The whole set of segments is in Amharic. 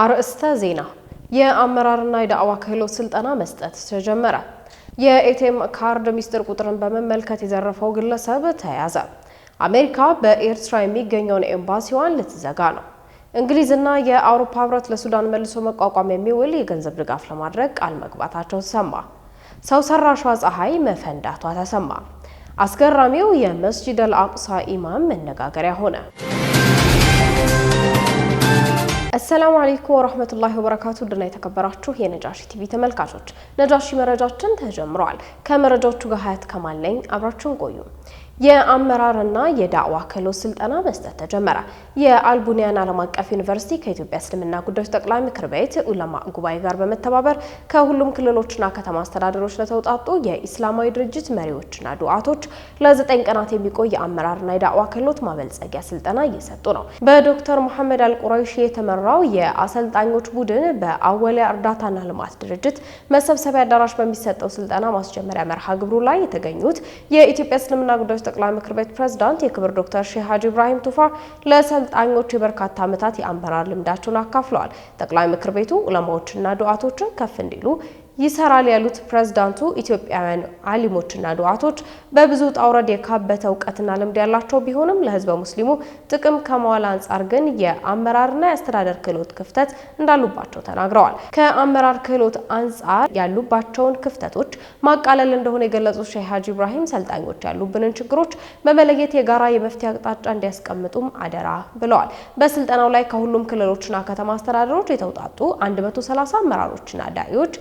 አርእስተ ዜና የአመራርና የዳዕዋ ክህሎት ስልጠና መስጠት ተጀመረ። የኤቲኤም ካርድ ሚስጥር ቁጥርን በመመልከት የዘረፈው ግለሰብ ተያዘ። አሜሪካ በኤርትራ የሚገኘውን ኤምባሲዋን ልትዘጋ ነው። እንግሊዝና የአውሮፓ ህብረት ለሱዳን መልሶ መቋቋም የሚውል የገንዘብ ድጋፍ ለማድረግ ቃል መግባታቸው ተሰማ። ሰው ሰራሿ ፀሐይ መፈንዳቷ ተሰማ። አስገራሚው የመስጂድ አቁሳ ኢማም መነጋገሪያ ሆነ። አሰላሙ አሌይኩም ወረህመቱላሂ ወበረካቱ ድና የተከበራችሁ የነጃሺ ቲቪ ተመልካቾች ነጃሺ መረጃችን ተጀምረዋል። ከመረጃዎቹ ጋር ሀያት ከማለኝ አብራችሁን ቆዩ። የአመራርና የዳዕዋ ክህሎት ስልጠና መስጠት ተጀመረ። የአልቡኒያን ዓለም አቀፍ ዩኒቨርሲቲ ከኢትዮጵያ እስልምና ጉዳዮች ጠቅላይ ምክር ቤት ዑለማ ጉባኤ ጋር በመተባበር ከሁሉም ክልሎችና ከተማ አስተዳደሮች ለተውጣጡ የኢስላማዊ ድርጅት መሪዎችና ዱዓቶች ለዘጠኝ ቀናት የሚቆይ የአመራርና የዳዕዋ ክህሎት ማበልጸጊያ ስልጠና እየሰጡ ነው። በዶክተር መሐመድ አልቁረይሺ የተመራው የአሰልጣኞች ቡድን በአወሊያ እርዳታና ልማት ድርጅት መሰብሰቢያ አዳራሽ በሚሰጠው ስልጠና ማስጀመሪያ መርሃ ግብሩ ላይ የተገኙት የኢትዮጵያ እስልምና ጉዳዮች ጠቅላይ ምክር ቤት ፕሬዝዳንት የክብር ዶክተር ሼህ ሀጂ ኢብራሂም ቱፋ ለሰልጣኞች የበርካታ ዓመታት የአመራር ልምዳቸውን አካፍለዋል። ጠቅላይ ምክር ቤቱ ዑለማዎችና ዱዓቶችን ከፍ እንዲሉ ይሰራል ያሉት ፕሬዝዳንቱ ኢትዮጵያውያን አሊሞችና ዱዓቶች በብዙ ውጣ የካበተ እውቀትና ልምድ ያላቸው ቢሆንም ለህዝበ ሙስሊሙ ጥቅም ከመዋል አንጻር ግን የአመራርና የአስተዳደር ክህሎት ክፍተት እንዳሉባቸው ተናግረዋል። ከአመራር ክህሎት አንጻር ያሉባቸውን ክፍተቶች ማቃለል እንደሆነ የገለጹት ሼህ ሀጂ ኢብራሂም ሰልጣኞች ያሉብንን ችግሮች በመለየት የጋራ የመፍትሄ አቅጣጫ እንዲያስቀምጡም አደራ ብለዋል። በስልጠናው ላይ ከሁሉም ክልሎችና ከተማ አስተዳደሮች የተውጣጡ 130 አመራሮችና ዳኢዎች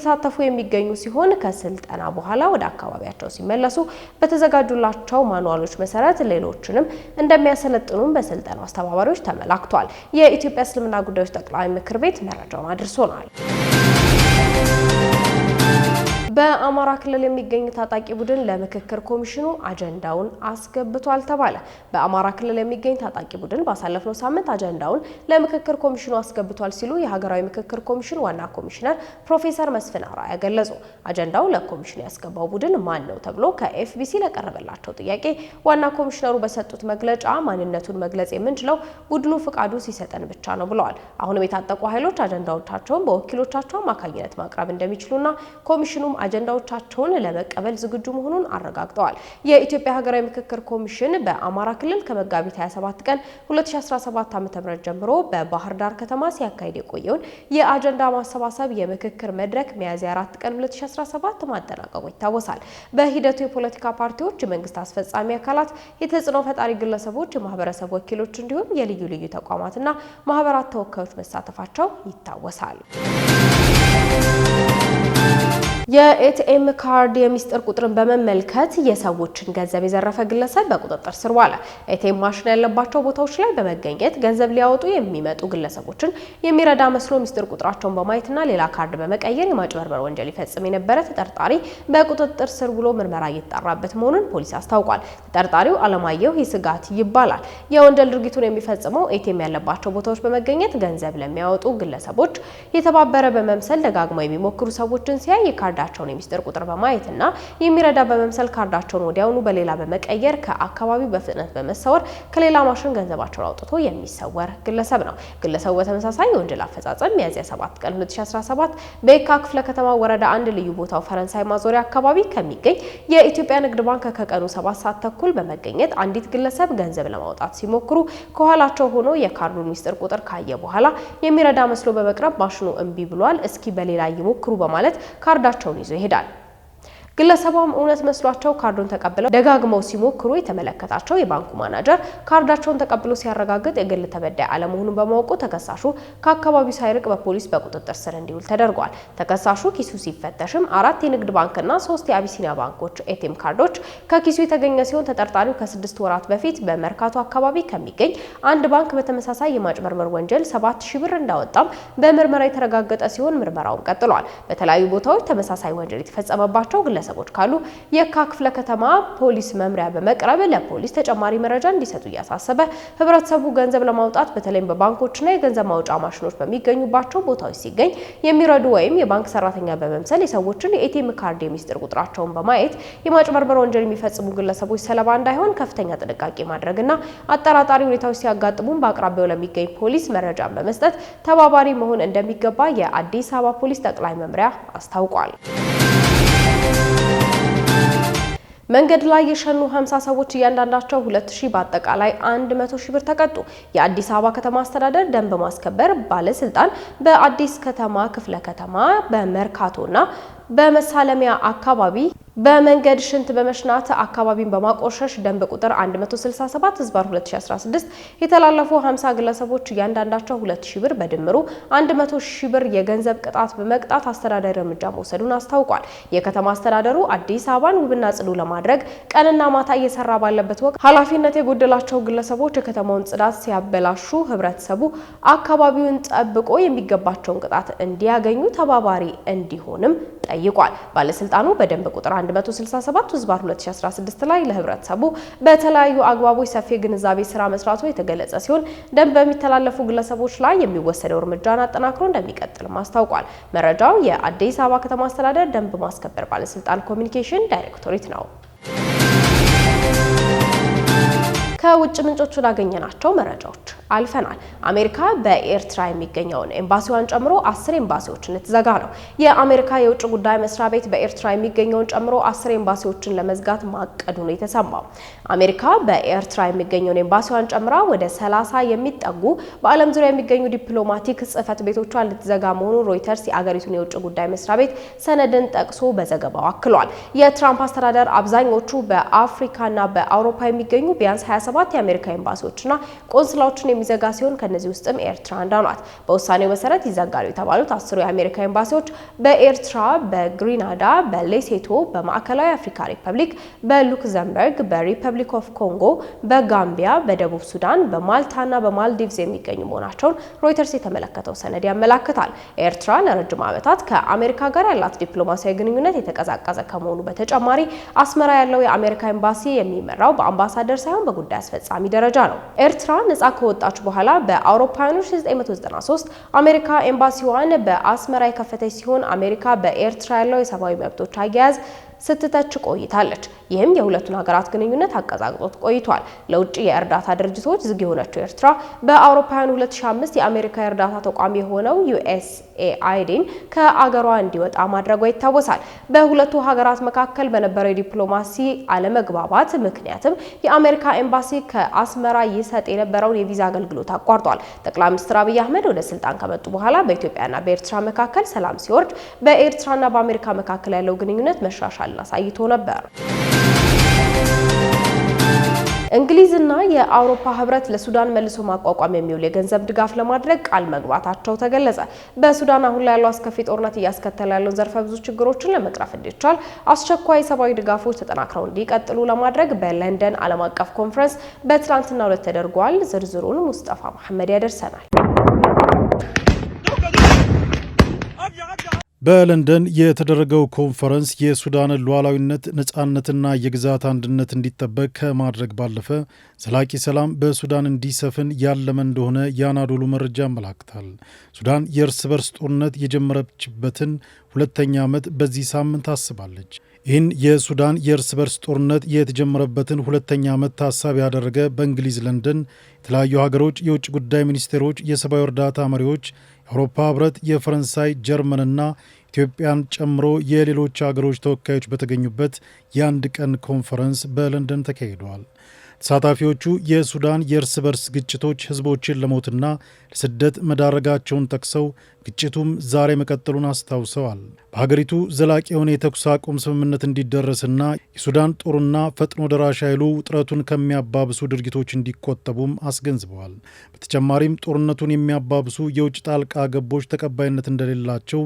እየተሳተፉ የሚገኙ ሲሆን ከስልጠና በኋላ ወደ አካባቢያቸው ሲመለሱ በተዘጋጁላቸው ማኑዋሎች መሰረት ሌሎችንም እንደሚያሰለጥኑም በስልጠናው አስተባባሪዎች ተመላክቷል። የኢትዮጵያ እስልምና ጉዳዮች ጠቅላይ ምክር ቤት መረጃውን አድርሶናል። በአማራ ክልል የሚገኝ ታጣቂ ቡድን ለምክክር ኮሚሽኑ አጀንዳውን አስገብቷል ተባለ። በአማራ ክልል የሚገኝ ታጣቂ ቡድን ባሳለፍነው ሳምንት አጀንዳውን ለምክክር ኮሚሽኑ አስገብቷል ሲሉ የሀገራዊ ምክክር ኮሚሽን ዋና ኮሚሽነር ፕሮፌሰር መስፍን አራያ ገለጹ። አጀንዳው ለኮሚሽኑ ያስገባው ቡድን ማን ነው ተብሎ ከኤፍቢሲ ለቀረበላቸው ጥያቄ ዋና ኮሚሽነሩ በሰጡት መግለጫ ማንነቱን መግለጽ የምንችለው ቡድኑ ፍቃዱ ሲሰጠን ብቻ ነው ብለዋል። አሁንም የታጠቁ ኃይሎች አጀንዳዎቻቸውን በወኪሎቻቸው አማካኝነት ማቅረብ እንደሚችሉና ኮሚሽኑም አጀንዳዎቻቸውን ለመቀበል ዝግጁ መሆኑን አረጋግጠዋል። የኢትዮጵያ ሀገራዊ ምክክር ኮሚሽን በአማራ ክልል ከመጋቢት 27 ቀን 2017 ዓ.ም ጀምሮ በባህር ዳር ከተማ ሲያካሂድ የቆየውን የአጀንዳ ማሰባሰብ የምክክር መድረክ ሚያዝያ 4 ቀን 2017 ማጠናቀቁ ይታወሳል። በሂደቱ የፖለቲካ ፓርቲዎች፣ የመንግስት አስፈጻሚ አካላት፣ የተጽዕኖ ፈጣሪ ግለሰቦች፣ የማህበረሰብ ወኪሎች እንዲሁም የልዩ ልዩ ተቋማትና ማህበራት ተወካዮች መሳተፋቸው ይታወሳል። የኤቲኤም ካርድ የሚስጥር ቁጥርን በመመልከት የሰዎችን ገንዘብ የዘረፈ ግለሰብ በቁጥጥር ስር ዋለ። ኤቲኤም ማሽን ያለባቸው ቦታዎች ላይ በመገኘት ገንዘብ ሊያወጡ የሚመጡ ግለሰቦችን የሚረዳ መስሎ ሚስጥር ቁጥራቸውን በማየትና ሌላ ካርድ በመቀየር የማጭበርበር ወንጀል ይፈጽም የነበረ ተጠርጣሪ በቁጥጥር ስር ውሎ ምርመራ እየተጣራበት መሆኑን ፖሊስ አስታውቋል። ተጠርጣሪው አለማየሁ ይስጋት ይባላል። የወንጀል ድርጊቱን የሚፈጽመው ኤቲኤም ያለባቸው ቦታዎች በመገኘት ገንዘብ ለሚያወጡ ግለሰቦች የተባበረ በመምሰል ደጋግመው የሚሞክሩ ሰዎችን ሲያይ የካርድ የካርዳቸውን የሚስጥር ቁጥር በማየት እና የሚረዳ በመምሰል ካርዳቸውን ወዲያውኑ በሌላ በመቀየር ከአካባቢው በፍጥነት በመሰወር ከሌላ ማሽን ገንዘባቸውን አውጥቶ የሚሰወር ግለሰብ ነው። ግለሰቡ በተመሳሳይ የወንጀል አፈጻጸም ሚያዝያ 7 ቀን 2017 በየካ ክፍለ ከተማ ወረዳ አንድ ልዩ ቦታው ፈረንሳይ ማዞሪያ አካባቢ ከሚገኝ የኢትዮጵያ ንግድ ባንክ ከቀኑ 7 ሰዓት ተኩል በመገኘት አንዲት ግለሰብ ገንዘብ ለማውጣት ሲሞክሩ ከኋላቸው ሆኖ የካርዱን ሚስጥር ቁጥር ካየ በኋላ የሚረዳ መስሎ በመቅረብ ማሽኑ እምቢ ብሏል፣ እስኪ በሌላ ይሞክሩ በማለት ካርዳቸው እጃቸውን ይዞ ይሄዳል። ግለሰቧም እውነት መስሏቸው ካርዱን ተቀብለው ደጋግመው ሲሞክሩ የተመለከታቸው የባንኩ ማናጀር ካርዳቸውን ተቀብሎ ሲያረጋግጥ የግል ተበዳይ አለመሆኑን በማወቁ ተከሳሹ ከአካባቢው ሳይርቅ በፖሊስ በቁጥጥር ስር እንዲውል ተደርጓል። ተከሳሹ ኪሱ ሲፈተሽም አራት የንግድ ባንክና ሶስት የአቢሲኒያ ባንኮች ኤቲኤም ካርዶች ከኪሱ የተገኘ ሲሆን ተጠርጣሪው ከስድስት ወራት በፊት በመርካቶ አካባቢ ከሚገኝ አንድ ባንክ በተመሳሳይ የማጭበርበር ወንጀል ሰባት ሺ ብር እንዳወጣም በምርመራ የተረጋገጠ ሲሆን ምርመራውም ቀጥሏል። በተለያዩ ቦታዎች ተመሳሳይ ወንጀል የተፈጸመባቸው ግለሰ ግለሰቦች ካሉ የካ ክፍለ ከተማ ፖሊስ መምሪያ በመቅረብ ለፖሊስ ተጨማሪ መረጃ እንዲሰጡ እያሳሰበ ህብረተሰቡ ገንዘብ ለማውጣት በተለይም በባንኮችና የገንዘብ ማውጫ ማሽኖች በሚገኙባቸው ቦታዎች ሲገኝ የሚረዱ ወይም የባንክ ሰራተኛ በመምሰል የሰዎችን የኤቲኤም ካርድ የሚስጥር ቁጥራቸውን በማየት የማጭበርበር ወንጀል የሚፈጽሙ ግለሰቦች ሰለባ እንዳይሆን ከፍተኛ ጥንቃቄ ማድረግና አጠራጣሪ ሁኔታዎች ሲያጋጥሙን በአቅራቢያው ለሚገኝ ፖሊስ መረጃን በመስጠት ተባባሪ መሆን እንደሚገባ የአዲስ አበባ ፖሊስ ጠቅላይ መምሪያ አስታውቋል። መንገድ ላይ የሸኑ 50 ሰዎች እያንዳንዳቸው 2000 በአጠቃላይ 100 ሺህ ብር ተቀጡ። የአዲስ አበባ ከተማ አስተዳደር ደንብ ማስከበር ባለስልጣን በአዲስ ከተማ ክፍለ ከተማ በመርካቶና በመሳለሚያ አካባቢ በመንገድ ሽንት በመሽናት አካባቢን በማቆሸሽ ደንብ ቁጥር 167 ህዝባር 2016 የተላለፉ 50 ግለሰቦች እያንዳንዳቸው 2 ብር በድምሩ 100 ሺ ብር የገንዘብ ቅጣት በመቅጣት አስተዳደር እርምጃ መውሰዱን አስታውቋል። የከተማ አስተዳደሩ አዲስ አበባን ውብና ጽዱ ለማድረግ ቀንና ማታ እየሰራ ባለበት ወቅት ኃላፊነት የጎደላቸው ግለሰቦች የከተማውን ጽዳት ሲያበላሹ ህብረተሰቡ አካባቢውን ጠብቆ የሚገባቸውን ቅጣት እንዲያገኙ ተባባሪ እንዲሆንም ጠይቋል። ባለስልጣኑ በደንብ ቁጥር 167 ህዝባር 2016 ላይ ለህብረተሰቡ በተለያዩ አግባቦች ሰፊ ግንዛቤ ስራ መስራቱ የተገለጸ ሲሆን ደንብ በሚተላለፉ ግለሰቦች ላይ የሚወሰደው እርምጃን አጠናክሮ እንደሚቀጥልም አስታውቋል። መረጃው የአዲስ አበባ ከተማ አስተዳደር ደንብ ማስከበር ባለስልጣን ኮሚኒኬሽን ዳይሬክቶሬት ነው። ከውጭ ምንጮቹ ላገኘናቸው መረጃዎች አልፈናል። አሜሪካ በኤርትራ የሚገኘውን ኤምባሲዋን ጨምሮ አስር ኤምባሲዎችን ልትዘጋ ነው። የአሜሪካ የውጭ ጉዳይ መስሪያ ቤት በኤርትራ የሚገኘውን ጨምሮ አስር ኤምባሲዎችን ለመዝጋት ማቀዱ ነው የተሰማው። አሜሪካ በኤርትራ የሚገኘውን ኤምባሲዋን ጨምራ ወደ ሰላሳ የሚጠጉ በዓለም ዙሪያ የሚገኙ ዲፕሎማቲክ ጽህፈት ቤቶቿን ልትዘጋ መሆኑን ሮይተርስ የአገሪቱን የውጭ ጉዳይ መስሪያ ቤት ሰነድን ጠቅሶ በዘገባው አክሏል። የትራምፕ አስተዳደር አብዛኞቹ በአፍሪካና በአውሮፓ የሚገኙ ቢያንስ 27 የአሜሪካ ኤምባሲዎችና ቆንስላዎችን የሚዘጋ ሲሆን ከነዚህ ውስጥም ኤርትራ አንዷ ናት። በውሳኔው መሰረት ይዘጋሉ የተባሉት አስሩ የአሜሪካ ኤምባሲዎች በኤርትራ፣ በግሪናዳ፣ በሌሴቶ፣ በማዕከላዊ አፍሪካ ሪፐብሊክ፣ በሉክዘምበርግ፣ በሪፐብሊክ ኦፍ ኮንጎ፣ በጋምቢያ፣ በደቡብ ሱዳን፣ በማልታና በማልዲቭስ የሚገኙ መሆናቸውን ሮይተርስ የተመለከተው ሰነድ ያመላክታል። ኤርትራ ለረጅም ዓመታት ከአሜሪካ ጋር ያላት ዲፕሎማሲያዊ ግንኙነት የተቀዛቀዘ ከመሆኑ በተጨማሪ አስመራ ያለው የአሜሪካ ኤምባሲ የሚመራው በአምባሳደር ሳይሆን በጉዳይ አስፈጻሚ ደረጃ ነው። ኤርትራ ነጻ ከወጣ ከወጣች በኋላ በአውሮፓውያኑ 1993 አሜሪካ ኤምባሲዋን በአስመራ የከፈተች ሲሆን አሜሪካ በኤርትራ ያለው የሰብአዊ መብቶች አያያዝ ስትተች ቆይታለች። ይህም የሁለቱን ሀገራት ግንኙነት አቀዛቅጦት ቆይቷል። ለውጭ የእርዳታ ድርጅቶች ዝግ የሆነችው ኤርትራ በአውሮፓውያን 2005 የአሜሪካ የእርዳታ ተቋም የሆነው ዩኤስኤአይዲን ከአገሯ እንዲወጣ ማድረጓ ይታወሳል። በሁለቱ ሀገራት መካከል በነበረው የዲፕሎማሲ አለመግባባት ምክንያትም የአሜሪካ ኤምባሲ ከአስመራ ይሰጥ የነበረውን የቪዛ አገልግሎት አቋርጧል። ጠቅላይ ሚኒስትር አብይ አህመድ ወደ ስልጣን ከመጡ በኋላ በኢትዮጵያና በኤርትራ መካከል ሰላም ሲወርድ በኤርትራና በአሜሪካ መካከል ያለው ግንኙነት መሻሻል አሳይቶ ነበር። እንግሊዝና የአውሮፓ ህብረት ለሱዳን መልሶ ማቋቋም የሚውል የገንዘብ ድጋፍ ለማድረግ ቃል መግባታቸው ተገለጸ። በሱዳን አሁን ላይ ያለው አስከፊ ጦርነት እያስከተለ ያለውን ዘርፈ ብዙ ችግሮችን ለመቅረፍ እንዲቻል አስቸኳይ ሰብአዊ ድጋፎች ተጠናክረው እንዲቀጥሉ ለማድረግ በለንደን ዓለም አቀፍ ኮንፈረንስ በትናንትናው ዕለት ተደርጓል። ዝርዝሩን ሙስጠፋ መሐመድ ያደርሰናል። በለንደን የተደረገው ኮንፈረንስ የሱዳንን ሉዓላዊነት ነፃነትና የግዛት አንድነት እንዲጠበቅ ከማድረግ ባለፈ ዘላቂ ሰላም በሱዳን እንዲሰፍን ያለመ እንደሆነ የአናዶሉ መረጃ አመላክታል። ሱዳን የእርስ በርስ ጦርነት የጀመረችበትን ሁለተኛ ዓመት በዚህ ሳምንት አስባለች። ይህን የሱዳን የእርስ በርስ ጦርነት የተጀመረበትን ሁለተኛ ዓመት ታሳቢ ያደረገ በእንግሊዝ ለንደን የተለያዩ ሀገሮች የውጭ ጉዳይ ሚኒስቴሮች፣ የሰብአዊ እርዳታ መሪዎች አውሮፓ ህብረት የፈረንሳይ ጀርመንና ኢትዮጵያን ጨምሮ የሌሎች አገሮች ተወካዮች በተገኙበት የአንድ ቀን ኮንፈረንስ በለንደን ተካሂደዋል። ተሳታፊዎቹ የሱዳን የእርስ በርስ ግጭቶች ህዝቦችን ለሞትና ለስደት መዳረጋቸውን ጠቅሰው ግጭቱም ዛሬ መቀጠሉን አስታውሰዋል። በሀገሪቱ ዘላቂ የሆነ የተኩስ አቁም ስምምነት እንዲደረስና የሱዳን ጦርና ፈጥኖ ደራሽ ኃይሉ ውጥረቱን ከሚያባብሱ ድርጊቶች እንዲቆጠቡም አስገንዝበዋል። በተጨማሪም ጦርነቱን የሚያባብሱ የውጭ ጣልቃ ገቦች ተቀባይነት እንደሌላቸው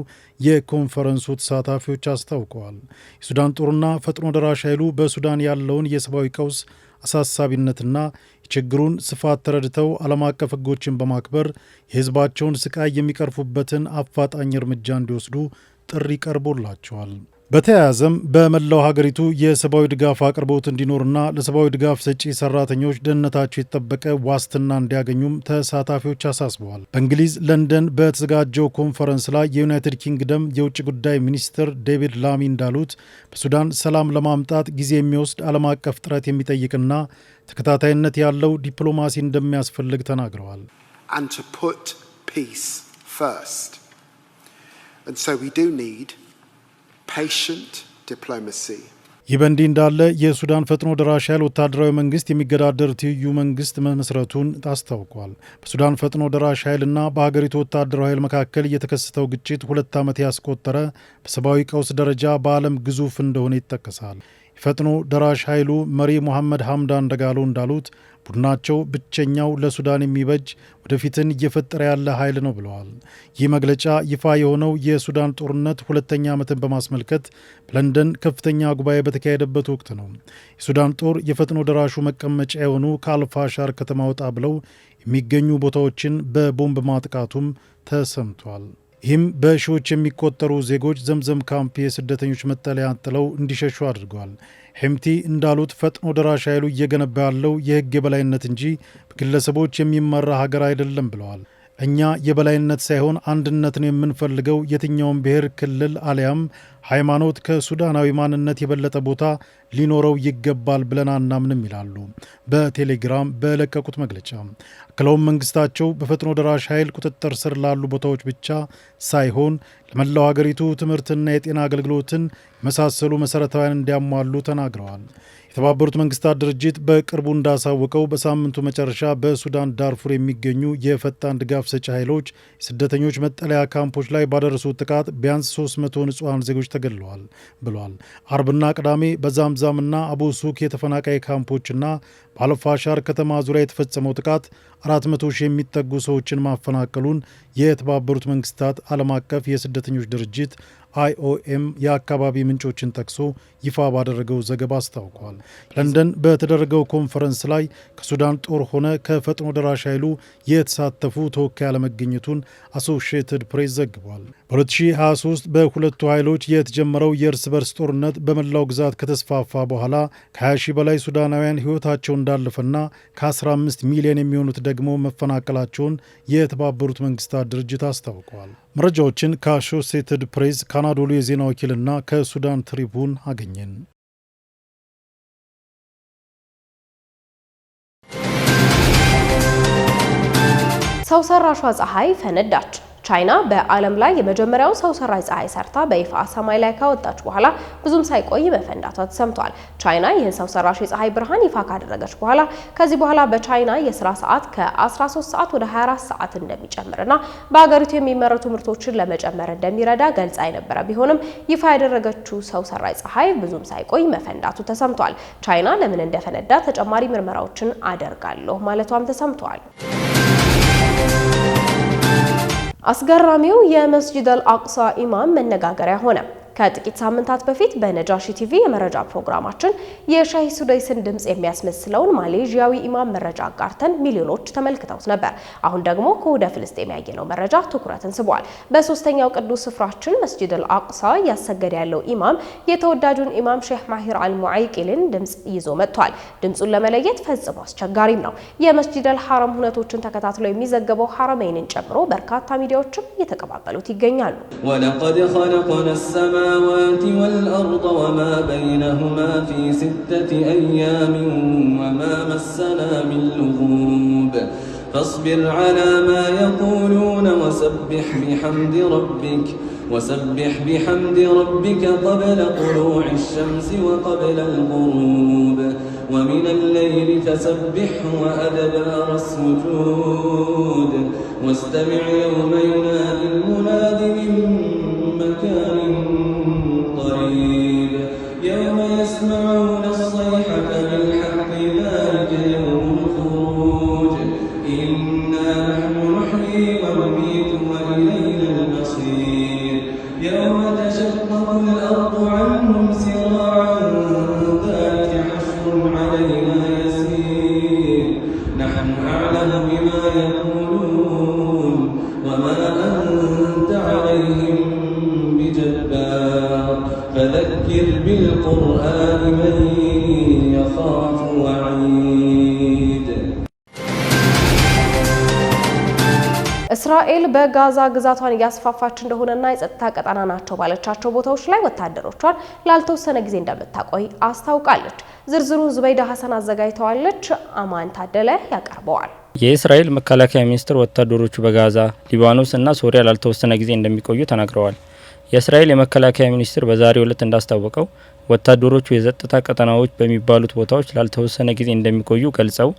የኮንፈረንሱ ተሳታፊዎች አስታውቀዋል። የሱዳን ጦርና ፈጥኖ ደራሽ ኃይሉ በሱዳን ያለውን የሰብአዊ ቀውስ አሳሳቢነትና የችግሩን ስፋት ተረድተው ዓለም አቀፍ ሕጎችን በማክበር የሕዝባቸውን ስቃይ የሚቀርፉበትን አፋጣኝ እርምጃ እንዲወስዱ ጥሪ ቀርቦላቸዋል። በተያያዘም በመላው ሀገሪቱ የሰብአዊ ድጋፍ አቅርቦት እንዲኖርና ለሰብአዊ ድጋፍ ሰጪ ሰራተኞች ደህንነታቸው የተጠበቀ ዋስትና እንዲያገኙም ተሳታፊዎች አሳስበዋል። በእንግሊዝ ለንደን በተዘጋጀው ኮንፈረንስ ላይ የዩናይትድ ኪንግደም የውጭ ጉዳይ ሚኒስትር ዴቪድ ላሚ እንዳሉት በሱዳን ሰላም ለማምጣት ጊዜ የሚወስድ ዓለም አቀፍ ጥረት የሚጠይቅና ተከታታይነት ያለው ዲፕሎማሲ እንደሚያስፈልግ ተናግረዋል። And so we do need ይህ በእንዲህ እንዳለ የሱዳን ፈጥኖ ደራሽ ኃይል ወታደራዊ መንግስት የሚገዳደር ትይዩ መንግስት መመስረቱን አስታውቋል። በሱዳን ፈጥኖ ደራሽ ኃይልና በሀገሪቱ ወታደራዊ ኃይል መካከል የተከሰተው ግጭት ሁለት ዓመት ያስቆጠረ በሰብአዊ ቀውስ ደረጃ በዓለም ግዙፍ እንደሆነ ይጠቀሳል። የፈጥኖ ደራሽ ኃይሉ መሪ ሙሐመድ ሐምዳን ደጋሎ እንዳሉት ቡድናቸው ብቸኛው ለሱዳን የሚበጅ ወደፊትን እየፈጠረ ያለ ኃይል ነው ብለዋል። ይህ መግለጫ ይፋ የሆነው የሱዳን ጦርነት ሁለተኛ ዓመትን በማስመልከት በለንደን ከፍተኛ ጉባኤ በተካሄደበት ወቅት ነው። የሱዳን ጦር የፈጥኖ ደራሹ መቀመጫ የሆኑ ከአልፋሻር ከተማ ወጣ ብለው የሚገኙ ቦታዎችን በቦምብ ማጥቃቱም ተሰምቷል። ይህም በሺዎች የሚቆጠሩ ዜጎች ዘምዘም ካምፕ የስደተኞች መጠለያ ጥለው እንዲሸሹ አድርገዋል። ሄምቲ እንዳሉት ፈጥኖ ደራሽ ኃይሉ እየገነባ ያለው የህግ የበላይነት እንጂ በግለሰቦች የሚመራ ሀገር አይደለም ብለዋል። እኛ የበላይነት ሳይሆን አንድነት ነው የምንፈልገው። የትኛውም ብሔር፣ ክልል አሊያም ሃይማኖት ከሱዳናዊ ማንነት የበለጠ ቦታ ሊኖረው ይገባል ብለን አናምንም ይላሉ በቴሌግራም በለቀቁት መግለጫ። አክለውም መንግስታቸው በፈጥኖ ደራሽ ኃይል ቁጥጥር ስር ላሉ ቦታዎች ብቻ ሳይሆን ለመላው ሀገሪቱ ትምህርትና የጤና አገልግሎትን መሳሰሉ መሰረታዊያን እንዲያሟሉ ተናግረዋል። የተባበሩት መንግስታት ድርጅት በቅርቡ እንዳሳወቀው በሳምንቱ መጨረሻ በሱዳን ዳርፉር የሚገኙ የፈጣን ድጋፍ ሰጪ ኃይሎች የስደተኞች መጠለያ ካምፖች ላይ ባደረሱት ጥቃት ቢያንስ 300 ንጹሐን ዜጎች ተገድለዋል ብሏል። አርብና ቅዳሜ በዛምዛምና አቡሱክ የተፈናቃይ ካምፖችና በአልፋሻር ከተማ ዙሪያ የተፈጸመው ጥቃት 400 ሺህ የሚጠጉ ሰዎችን ማፈናቀሉን የተባበሩት መንግስታት ዓለም አቀፍ የስደተኞች ድርጅት አይኦኤም የአካባቢ ምንጮችን ጠቅሶ ይፋ ባደረገው ዘገባ አስታውቋል። ለንደን በተደረገው ኮንፈረንስ ላይ ከሱዳን ጦር ሆነ ከፈጥኖ ደራሽ ኃይሉ የተሳተፉ ተወካይ አለመገኘቱን አሶሺየትድ ፕሬስ ዘግቧል። 2023 በሁለቱ ኃይሎች የተጀመረው የእርስ በርስ ጦርነት በመላው ግዛት ከተስፋፋ በኋላ ከ20 ሺህ በላይ ሱዳናውያን ሕይወታቸው እንዳለፈና ከ15 ሚሊዮን የሚሆኑት ደግሞ መፈናቀላቸውን የተባበሩት መንግስታት ድርጅት አስታውቀዋል። መረጃዎችን ከአሾሴትድ ፕሬስ ካናዶሉ የዜና ወኪልና ከሱዳን ትሪቡን አገኘን። ሰው ሰራሿ ፀሐይ ፈነዳች። ቻይና በዓለም ላይ የመጀመሪያውን ሰው ሰራሽ ፀሐይ ሰርታ በይፋ ሰማይ ላይ ካወጣች በኋላ ብዙም ሳይቆይ መፈንዳቷ ተሰምቷል። ቻይና ይህን ሰው ሰራሽ የፀሐይ ብርሃን ይፋ ካደረገች በኋላ ከዚህ በኋላ በቻይና የስራ ሰዓት ከ13 ሰዓት ወደ 24 ሰዓት እንደሚጨምርና በሀገሪቱ የሚመረቱ ምርቶችን ለመጨመር እንደሚረዳ ገልጻ የነበረ ቢሆንም ይፋ ያደረገችው ሰው ሰራሽ ፀሐይ ብዙም ሳይቆይ መፈንዳቱ ተሰምቷል። ቻይና ለምን እንደፈነዳ ተጨማሪ ምርመራዎችን አደርጋለሁ ማለቷም ተሰምቷል። አስገራሚው የመስጂድ አልአቅሳ ኢማም መነጋገሪያ ሆነ። ከጥቂት ሳምንታት በፊት በነጃሺ ቲቪ የመረጃ ፕሮግራማችን የሻሂ ሱደይስን ድምፅ የሚያስመስለውን ማሌዥያዊ ኢማም መረጃ አጋርተን ሚሊዮኖች ተመልክተውት ነበር። አሁን ደግሞ ከወደ ፍልስጤም ያየነው መረጃ ትኩረትን ስቧል። በሶስተኛው ቅዱስ ስፍራችን መስጂድል አልአቅሳ እያሰገደ ያለው ኢማም የተወዳጁን ኢማም ሼህ ማሂር አልሙዓይቂልን ድምፅ ይዞ መጥቷል። ድምፁን ለመለየት ፈጽሞ አስቸጋሪም ነው። የመስጂድ አልሐረም ሁነቶችን ተከታትሎ የሚዘገበው ሐረመይንን ጨምሮ በርካታ ሚዲያዎችም እየተቀባበሉት ይገኛሉ። السماوات والأرض وما بينهما في ستة أيام وما مسنا من لغوب فاصبر على ما يقولون وسبح بحمد ربك وسبح بحمد ربك قبل طلوع الشمس وقبل الغروب ومن الليل فسبح وأدبار السجود واستمع يوم ينادي المنادي من مكان يسمعون الصيحة بالحق ذلك يوم الخروج إنا نحن نحيي ونميت وإلينا المصير يوم تشقق الأرض عنهم سراعا ذلك حشر علينا يسير نحن أعلم بما يقولون بالقرآن من يخاف وعيد እስራኤል በጋዛ ግዛቷን እያስፋፋች እንደሆነና የጸጥታ ቀጠና ናቸው ባለቻቸው ቦታዎች ላይ ወታደሮቿን ላልተወሰነ ጊዜ እንደምታቆይ አስታውቃለች። ዝርዝሩ ዙበይዳ ሀሰን አዘጋጅተዋለች። አማን ታደለ ያቀርበዋል። የእስራኤል መከላከያ ሚኒስትር ወታደሮቹ በጋዛ ሊባኖስ እና ሶሪያ ላልተወሰነ ጊዜ እንደሚቆዩ ተናግረዋል። የእስራኤል የመከላከያ ሚኒስቴር በዛሬው ዕለት እንዳስታወቀው ወታደሮቹ የጸጥታ ቀጠናዎች በሚባሉት ቦታዎች ላልተወሰነ ጊዜ እንደሚቆዩ ገልጸው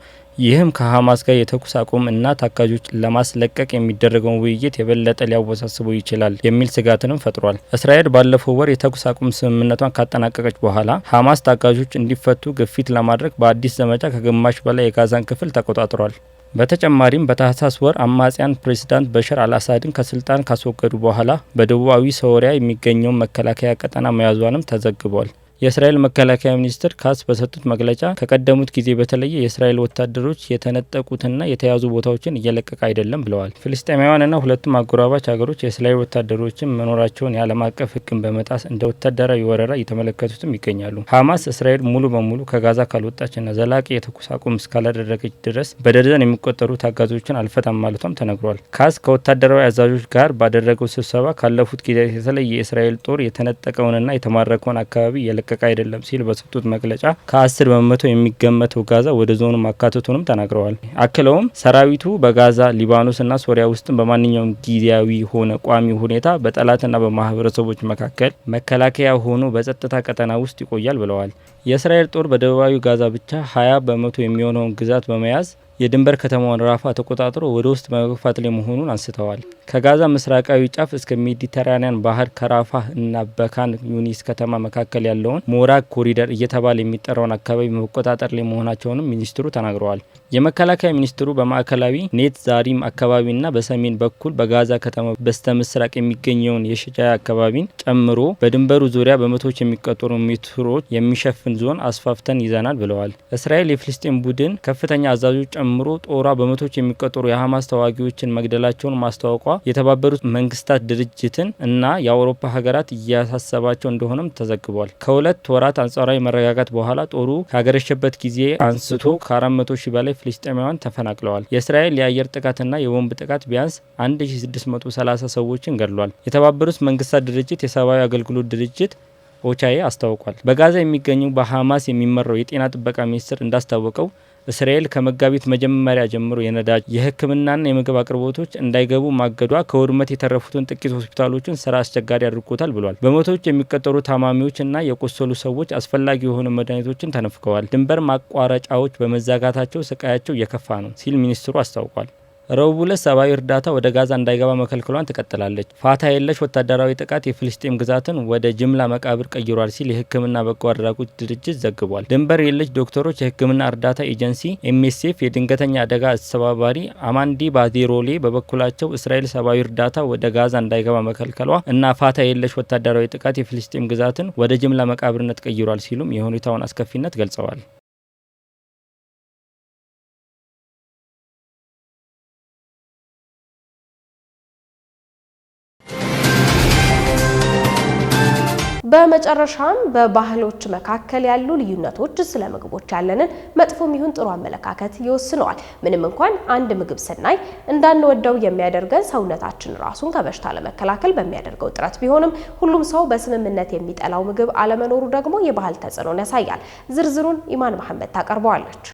ይህም ከሀማስ ጋር የተኩስ አቁም እና ታጋጆችን ለማስለቀቅ የሚደረገውን ውይይት የበለጠ ሊያወሳስበው ይችላል የሚል ስጋትንም ፈጥሯል። እስራኤል ባለፈው ወር የተኩስ አቁም ስምምነቷን ካጠናቀቀች በኋላ ሀማስ ታጋጆች እንዲፈቱ ግፊት ለማድረግ በአዲስ ዘመቻ ከግማሽ በላይ የጋዛን ክፍል ተቆጣጥሯል። በተጨማሪም በታህሳስ ወር አማጽያን ፕሬዝዳንት በሽር አልአሳድን ከስልጣን ካስወገዱ በኋላ በደቡባዊ ሶሪያ የሚገኘውን መከላከያ ቀጠና መያዟንም ተዘግቧል የእስራኤል መከላከያ ሚኒስትር ካስ በሰጡት መግለጫ ከቀደሙት ጊዜ በተለየ የእስራኤል ወታደሮች የተነጠቁትና የተያዙ ቦታዎችን እየለቀቀ አይደለም ብለዋል። ፍልስጤማውያንና ሁለቱም አጎራባች ሀገሮች የእስራኤል ወታደሮችን መኖራቸውን የዓለም አቀፍ ሕግን በመጣስ እንደ ወታደራዊ ወረራ እየተመለከቱትም ይገኛሉ። ሀማስ እስራኤል ሙሉ በሙሉ ከጋዛ ካልወጣችና ዘላቂ የተኩስ አቁም እስካላደረገች ድረስ በደርዘን የሚቆጠሩ ታጋዞችን አልፈታም ማለቷም ተነግሯል። ካስ ከወታደራዊ አዛዦች ጋር ባደረገው ስብሰባ ካለፉት ጊዜ የተለየ የእስራኤል ጦር የተነጠቀውንና የተማረከውን አካባቢ የለ እየተለቀቀ አይደለም ሲል በሰጡት መግለጫ ከ10 በመቶ የሚገመተው ጋዛ ወደ ዞኑ ማካተቱንም ተናግረዋል። አክለውም ሰራዊቱ በጋዛ ሊባኖስና ሶሪያ ውስጥም በማንኛውም ጊዜያዊ ሆነ ቋሚ ሁኔታ በጠላትና በማህበረሰቦች መካከል መከላከያ ሆኖ በጸጥታ ቀጠና ውስጥ ይቆያል ብለዋል። የእስራኤል ጦር በደቡባዊ ጋዛ ብቻ ሀያ በመቶ የሚሆነውን ግዛት በመያዝ የድንበር ከተማውን ራፋ ተቆጣጥሮ ወደ ውስጥ መግፋት ላይ መሆኑን አንስተዋል። ከጋዛ ምስራቃዊ ጫፍ እስከ ሜዲተራኒያን ባህር ከራፋ እና በካን ዩኒስ ከተማ መካከል ያለውን ሞራግ ኮሪደር እየተባለ የሚጠራውን አካባቢ መቆጣጠር ላይ መሆናቸውንም ሚኒስትሩ ተናግረዋል። የመከላከያ ሚኒስትሩ በማዕከላዊ ኔት ዛሪም አካባቢና በሰሜን በኩል በጋዛ ከተማ በስተ ምስራቅ የሚገኘውን የሽጃያ አካባቢን ጨምሮ በድንበሩ ዙሪያ በመቶዎች የሚቆጠሩ ሜትሮች የሚሸፍን ዞን አስፋፍተን ይዘናል ብለዋል። እስራኤል የፍልስጤም ቡድን ከፍተኛ አዛዦች ጨምሮ ጦሯ በመቶዎች የሚቆጠሩ የሐማስ ተዋጊዎችን መግደላቸውን ማስታወቋ የተባበሩት መንግስታት ድርጅትን እና የአውሮፓ ሀገራት እያሳሰባቸው እንደሆነም ተዘግቧል። ከሁለት ወራት አንጻራዊ መረጋጋት በኋላ ጦሩ ካገረሸበት ጊዜ አንስቶ ከ400 ሺህ በላይ ፍልስጤማውያን ተፈናቅለዋል። የእስራኤል የአየር ጥቃትና የቦምብ ጥቃት ቢያንስ 1630 ሰዎችን ገድሏል። የተባበሩት መንግስታት ድርጅት የሰብአዊ አገልግሎት ድርጅት ኦቻዬ አስታውቋል። በጋዛ የሚገኘው በሐማስ የሚመራው የጤና ጥበቃ ሚኒስቴር እንዳስታወቀው እስራኤል ከመጋቢት መጀመሪያ ጀምሮ የነዳጅ የሕክምናና የምግብ አቅርቦቶች እንዳይገቡ ማገዷ ከውድመት የተረፉትን ጥቂት ሆስፒታሎችን ስራ አስቸጋሪ አድርጎታል ብሏል። በመቶዎች የሚቀጠሩ ታማሚዎችና የቆሰሉ ሰዎች አስፈላጊ የሆኑ መድኃኒቶችን ተነፍገዋል። ድንበር ማቋረጫዎች በመዛጋታቸው ስቃያቸው የከፋ ነው ሲል ሚኒስትሩ አስታውቋል። ረቡዕ ዕለት ሰብአዊ እርዳታ ወደ ጋዛ እንዳይገባ መከልከሏን ትቀጥላለች። ፋታ የለሽ ወታደራዊ ጥቃት የፍልስጤም ግዛትን ወደ ጅምላ መቃብር ቀይሯል ሲል የሕክምና በጎ አድራጎት ድርጅት ዘግቧል። ድንበር የለሽ ዶክተሮች የሕክምና እርዳታ ኤጀንሲ ኤምኤስኤፍ የድንገተኛ አደጋ አስተባባሪ አማንዲ ባዜሮሌ በበኩላቸው እስራኤል ሰብአዊ እርዳታ ወደ ጋዛ እንዳይገባ መከልከሏ እና ፋታ የለሽ ወታደራዊ ጥቃት የፍልስጤም ግዛትን ወደ ጅምላ መቃብርነት ቀይሯል ሲሉም የሁኔታውን አስከፊነት ገልጸዋል። በመጨረሻም በባህሎች መካከል ያሉ ልዩነቶች ስለ ምግቦች ያለንን መጥፎም ይሁን ጥሩ አመለካከት ይወስነዋል። ምንም እንኳን አንድ ምግብ ስናይ እንዳንወደው የሚያደርገን ሰውነታችን ራሱን ከበሽታ ለመከላከል በሚያደርገው ጥረት ቢሆንም ሁሉም ሰው በስምምነት የሚጠላው ምግብ አለመኖሩ ደግሞ የባህል ተጽዕኖን ያሳያል። ዝርዝሩን ኢማን መሐመድ ታቀርበዋለች።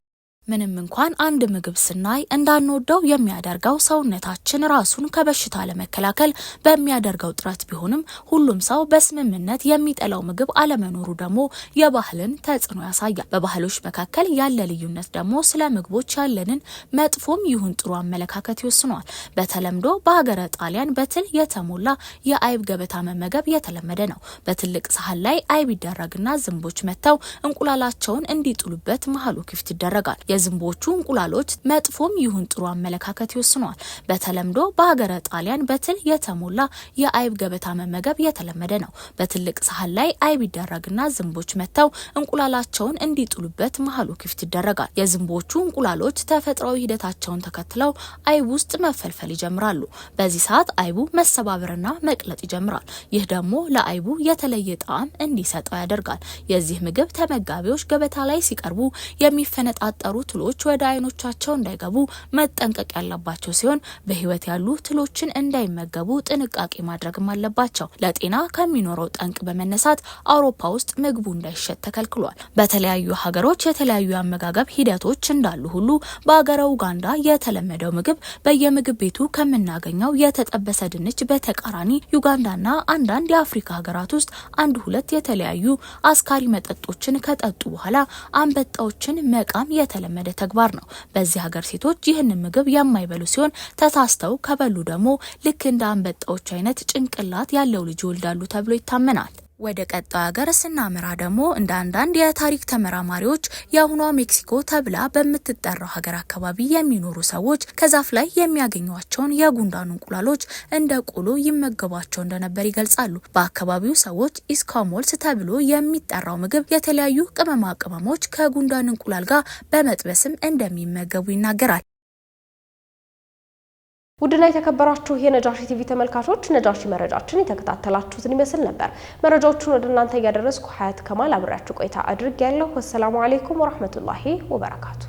ምንም እንኳን አንድ ምግብ ስናይ እንዳንወደው የሚያደርገው ሰውነታችን ራሱን ከበሽታ ለመከላከል በሚያደርገው ጥረት ቢሆንም ሁሉም ሰው በስምምነት የሚጠላው ምግብ አለመኖሩ ደግሞ የባህልን ተጽዕኖ ያሳያል። በባህሎች መካከል ያለ ልዩነት ደግሞ ስለ ምግቦች ያለንን መጥፎም ይሁን ጥሩ አመለካከት ይወስኗል። በተለምዶ በሀገረ ጣሊያን በትል የተሞላ የአይብ ገበታ መመገብ የተለመደ ነው። በትልቅ ሳህን ላይ አይብ ይደረግና ዝንቦች መጥተው እንቁላላቸውን እንዲጥሉበት መሀሉ ክፍት ይደረጋል። የዝንቦቹ እንቁላሎች መጥፎም ይሁን ጥሩ አመለካከት ይወስነዋል። በተለምዶ በሀገረ ጣሊያን በትል የተሞላ የአይብ ገበታ መመገብ የተለመደ ነው። በትልቅ ሳህን ላይ አይብ ይደረግና ዝንቦች መጥተው እንቁላላቸውን እንዲጥሉበት መሀሉ ክፍት ይደረጋል። የዝንቦቹ እንቁላሎች ተፈጥሯዊ ሂደታቸውን ተከትለው አይብ ውስጥ መፈልፈል ይጀምራሉ። በዚህ ሰዓት አይቡ መሰባበርና መቅለጥ ይጀምራል። ይህ ደግሞ ለአይቡ የተለየ ጣዕም እንዲሰጠው ያደርጋል። የዚህ ምግብ ተመጋቢዎች ገበታ ላይ ሲቀርቡ የሚፈነጣጠሩ ትሎች ወደ አይኖቻቸው እንዳይገቡ መጠንቀቅ ያለባቸው ሲሆን በህይወት ያሉ ትሎችን እንዳይመገቡ ጥንቃቄ ማድረግም አለባቸው። ለጤና ከሚኖረው ጠንቅ በመነሳት አውሮፓ ውስጥ ምግቡ እንዳይሸጥ ተከልክሏል። በተለያዩ ሀገሮች የተለያዩ የአመጋገብ ሂደቶች እንዳሉ ሁሉ በሀገረ ኡጋንዳ የተለመደው ምግብ በየምግብ ቤቱ ከምናገኘው የተጠበሰ ድንች በተቃራኒ ዩጋንዳና አንዳንድ የአፍሪካ ሀገራት ውስጥ አንድ ሁለት የተለያዩ አስካሪ መጠጦችን ከጠጡ በኋላ አንበጣዎችን መቃም የተለመደ የተለመደ ተግባር ነው። በዚህ ሀገር ሴቶች ይህንን ምግብ የማይበሉ ሲሆን ተሳስተው ከበሉ ደግሞ ልክ እንደ አንበጣዎች አይነት ጭንቅላት ያለው ልጅ ይወልዳሉ ተብሎ ይታመናል። ወደ ቀጣዩ ሀገር ስናመራ ደግሞ እንደ አንዳንድ የታሪክ ተመራማሪዎች የአሁኗ ሜክሲኮ ተብላ በምትጠራው ሀገር አካባቢ የሚኖሩ ሰዎች ከዛፍ ላይ የሚያገኟቸውን የጉንዳን እንቁላሎች እንደ ቆሎ ይመገቧቸው እንደነበር ይገልጻሉ። በአካባቢው ሰዎች ኢስካሞልስ ተብሎ የሚጠራው ምግብ የተለያዩ ቅመማ ቅመሞች ከጉንዳን እንቁላል ጋር በመጥበስም እንደሚመገቡ ይናገራል። ውድና የተከበራችሁ የነጃሺ ቲቪ ተመልካቾች ነጃሺ መረጃችን የተከታተላችሁትን ይመስል ነበር። መረጃዎቹን ወደ እናንተ እያደረስኩ ሀያት ከማል አብሬያችሁ ቆይታ አድርግ ያለሁ። ወሰላሙ አሌይኩም ወረህመቱላሂ ወበረካቱ